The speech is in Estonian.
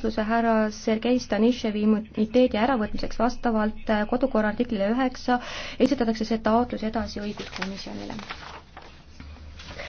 taotluse härra Sergei Stanishevi immuniteedi äravõtmiseks vastavalt äh, kodukorra artiklile üheksa esitatakse see taotlus edasi õiguskomisjonile.